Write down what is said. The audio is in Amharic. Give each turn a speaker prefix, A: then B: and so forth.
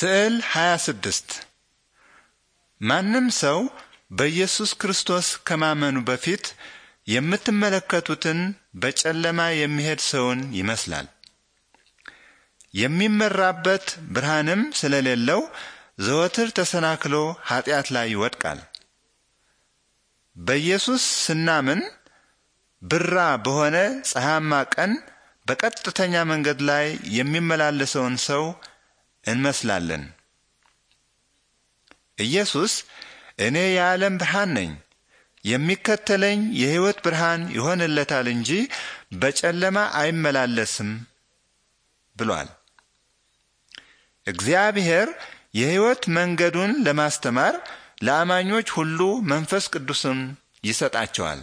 A: ስዕል 26 ማንም ሰው በኢየሱስ ክርስቶስ ከማመኑ በፊት የምትመለከቱትን በጨለማ የሚሄድ ሰውን ይመስላል። የሚመራበት ብርሃንም ስለሌለው ዘወትር ተሰናክሎ ኀጢአት ላይ ይወድቃል። በኢየሱስ ስናምን ብራ በሆነ ፀሐያማ ቀን በቀጥተኛ መንገድ ላይ የሚመላለሰውን ሰው እንመስላለን። ኢየሱስ እኔ የዓለም ብርሃን ነኝ፣ የሚከተለኝ የሕይወት ብርሃን ይሆንለታል እንጂ በጨለማ አይመላለስም ብሏል። እግዚአብሔር የሕይወት መንገዱን ለማስተማር ለአማኞች ሁሉ መንፈስ ቅዱስም ይሰጣቸዋል።